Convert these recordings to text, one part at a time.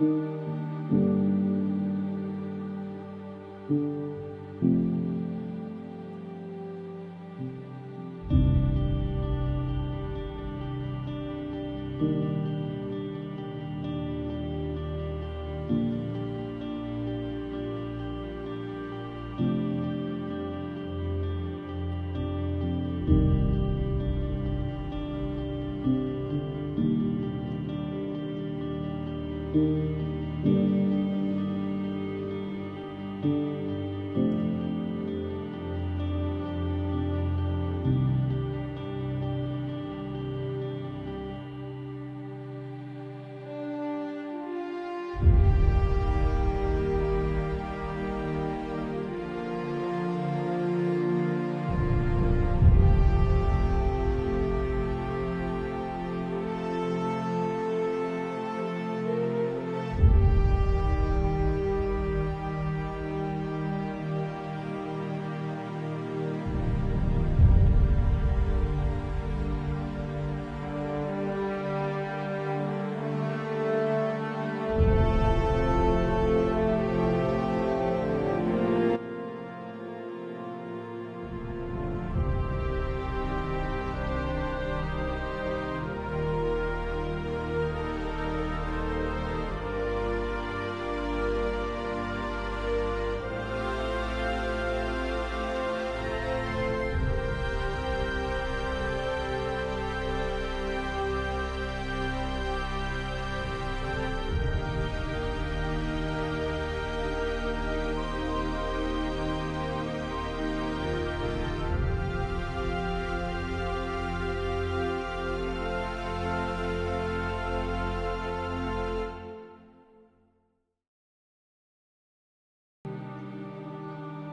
thank you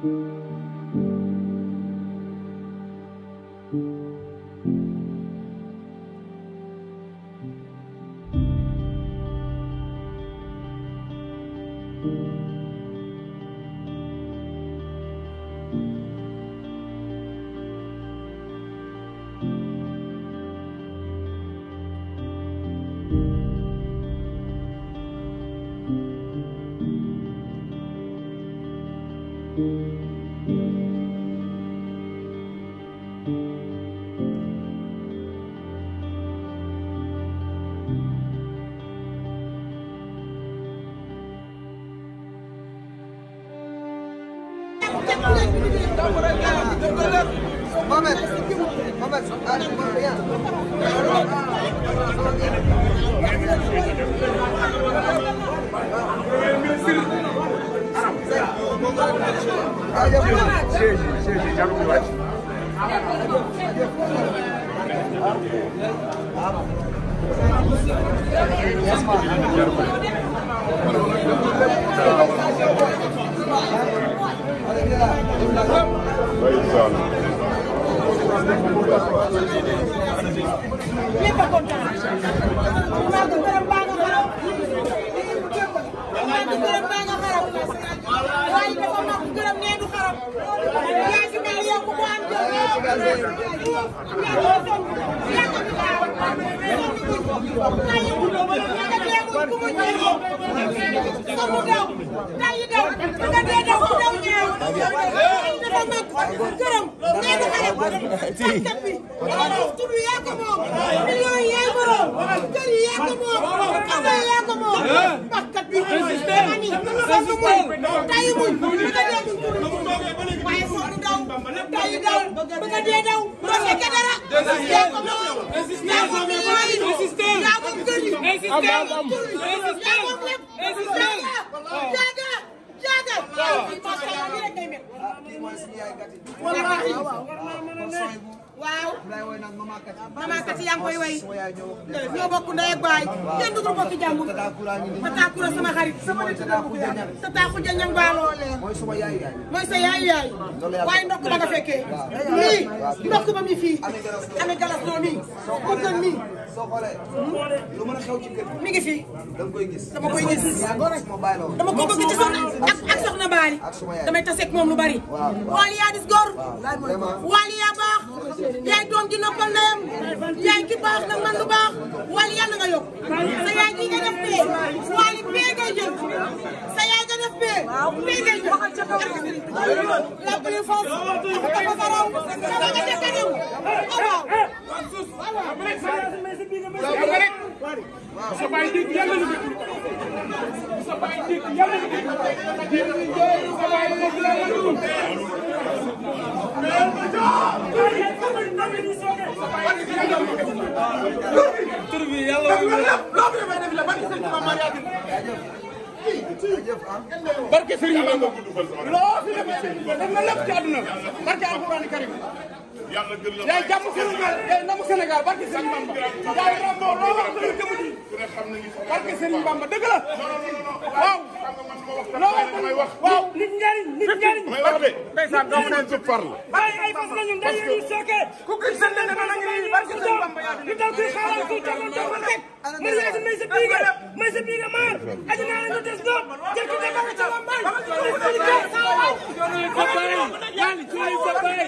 thank you Mamet, Mamet, Yes, ma'am. waaye tayu daw bëgg a dee daw doo fekke dara yaa ko moom yaa ko moom yaa ko kër yi yaa ko tur yi yaa ko lépp jaaga jaaga jaaga waaw damaakati yaa ngi koy way ñoo bokk ndey ak baay kenn du ko bokk jàmbur Fatakura sama xarit sama nit sa taaku jañang baaloo leen mooy sa yaayu yaay waaye ndokk la nga fekkee lii ndokk ba fii ame galas noo mi ko soo xoolee. Hmm? lu mën a xew ci kër gi. mi ngi fi. da nga koy gis. dama koy gis dama ko bëgg ci soxna ak ak soxna Baali. damay taseeg moom lu bari. yaa dis góor. yaa baax. yaay doom ji noppal ndeyam. yaay ki baax nag man lu baax. waaw yàlla nga yokk. sa yaay ji nga def pee. waaw li pee ngay jël. sa nga def pee. pee ngay jël. la plus forte. dafa ko fa raw. dafa sa baay dégg yàlla na dégg sa baay dégg yàlla na dégg Ah. barke Serigne Bamba loo fi def def na lépp ci àdduna barke alxuraan karim yaay jàmm Sénégal yaay namu Sénégal barke Serigne Bamba yaay ràmboo loo wax dëgg jëmm ji barke Serigne Bamba dëgg la waaw loo wax waaw nit njariñ nit njariñ ndeysaan doomu neen ci parle ay ay fas lañu ndaje ñu sooke ku gis sa ndene na ngi nii barke Serigne Bamba yaa ñu daw kuy xaaral ku tagal doon rek ma yaay may sa biiga may sa biiga maar wax leen wax leen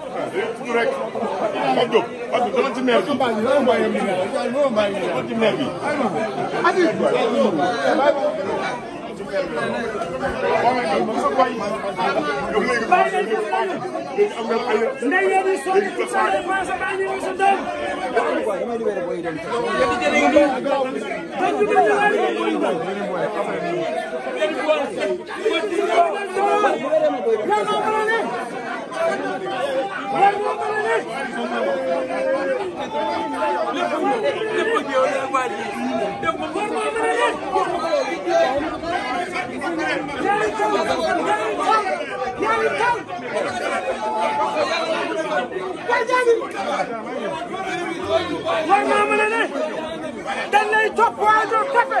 waaw rek Pape Diop Pape Diop ci maire bi. ci maire bi. Aywa. war naa mën a ne dañ lay topp waa joo toppe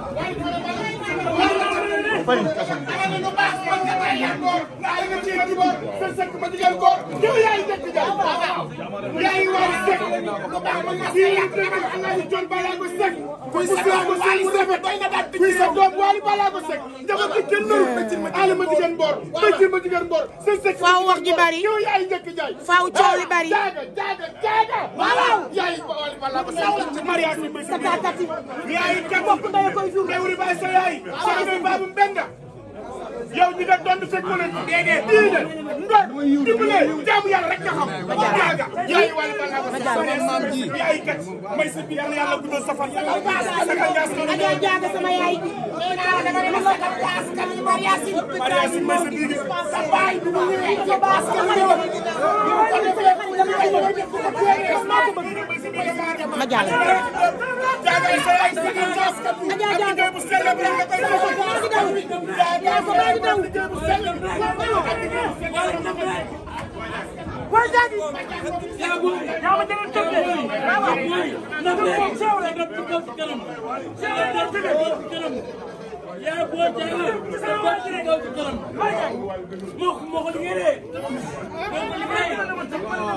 bëri ana lu baax man nga tay yan góor ndax li nga ciy jubóor sa sëkk ma jigéen góor yow yaay dëkk jaay yaay war sëkk lu baax man nga ci yan dëkk alaaji John balaa ko sëkk kuy sa ko sëkk sëkk kuy sa doom waali balaa ko sëkk njaboot ci kenn nëru ana ma jigéen mboor bëccil ma jigéen mboor sa sëkk faaw wax ji bari yow yaay dëkk jaay faaw coow li bari jaaga jaaga jaaga waaw sa taatati bokk ndey koy jur ndewri bay sa yaay sa ngay baabu mbenga yow ñi nga doon sa kolo déedé diine ndor dimbale jaamu yàlla rek nga xam jaaga yaay wala bala ko maam ji yaay kat may sa bi yàlla yàlla guddal sa fan yàlla jaaga nee naa la dama ne ma sagal te askan wi mariasin. mariasin mooy sa biir sa baay bi mu ñëwee ca askan wi ñëwoon. bi mu ko defee bu ko defee bu ko defee maa ko bëgg. ma jàll. jaagay sa ay sagal sa askan wi. ak liggéey bu sell bi nga koy def. jaagay sa ay sagal sa askan wi. waa jaagi yaa ma jëloon tëb de waaw waaw na ko moom sew rek na ko ci kanam sew rek na ko ci kanam yaa boo jaagi sa ko ci rek ci kanam moo ko moo ko liggéey de moo ko liggéey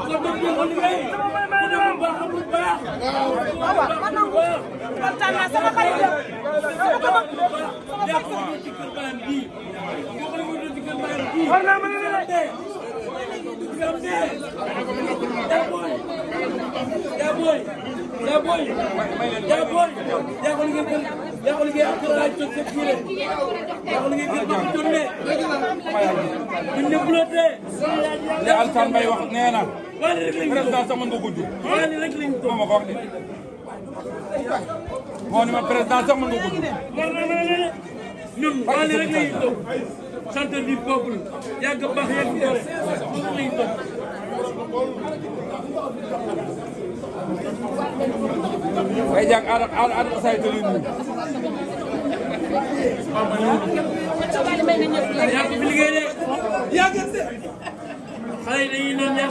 ko ko moo ko liggéey ku dem bu baax bu baax waaw man na kontaan naa sama xarit la sama ko yaa ko ci kër baan bi ko ko ci kër baan bi war naa mën a Alassane Mbaye wax nee na président sax mën nga ko jur moom ma ko wax de moo ne ma président sax mën nga ko jur ñun rek centre du peuple yàgg baax yàgg góor moom lañ topp. waaye jàng aada aada aada saa yu tëddee nii. yàgg fi liggéey de yàgg xale yi dañuy naan